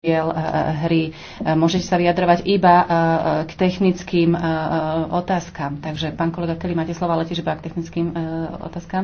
diel eh, hry. Eh, Môžete sa vyjadrovať iba eh, k technickým otázkam. Takže, pán kolega keď máte slovo, ale tiež iba k technickým otázkam.